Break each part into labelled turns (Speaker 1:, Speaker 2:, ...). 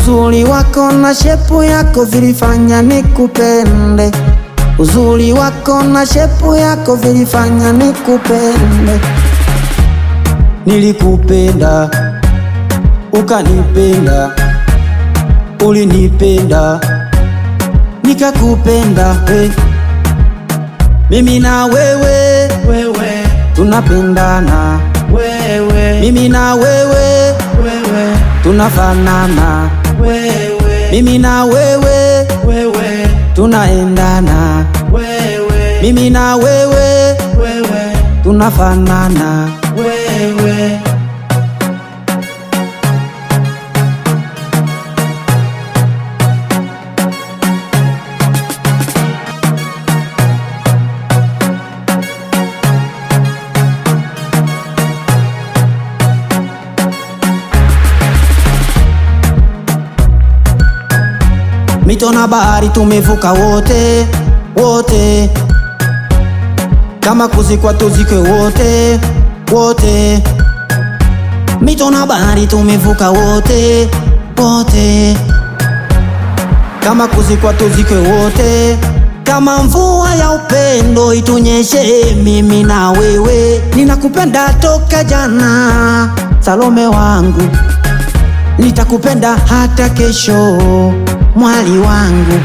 Speaker 1: Uzuri wako na shepu yako vilifanya nikupende. Uzuri wako na shepu yako vilifanya nikupende.
Speaker 2: Nilikupenda ukanipenda, ulinipenda nikakupenda. Hey, eh. mimi na wewe, wewe tunapendana, wewe mimi na wewe, wewe tunafanana mimi na wewe wewe tunaendana wewe mimi na wewe wewe tunafanana wewe mito na bahari tumevuka wote wote, kama kuzikwa tuzikwe wote wote, mito na bahari tumevuka wote wote, kama kuzikwa tuzikwe wote kama mvua ya upendo itunyeshe, mimi na wewe, ninakupenda toka jana, Salome wangu nitakupenda hata kesho, mwali wangu.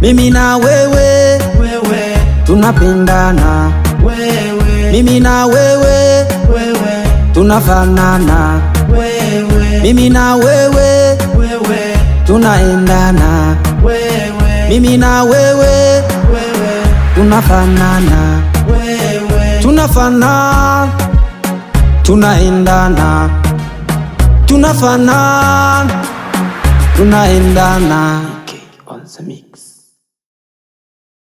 Speaker 2: Mimi na wewe, wewe tunapendana, wewe mimi na wewe, wewe tunafanana, wewe mimi na wewe, wewe tunaendana, wewe mimi na wewe, wewe tunafanana, wewe tunafanana, tunaendana tunafanana tunaendana. Okay, on the mix.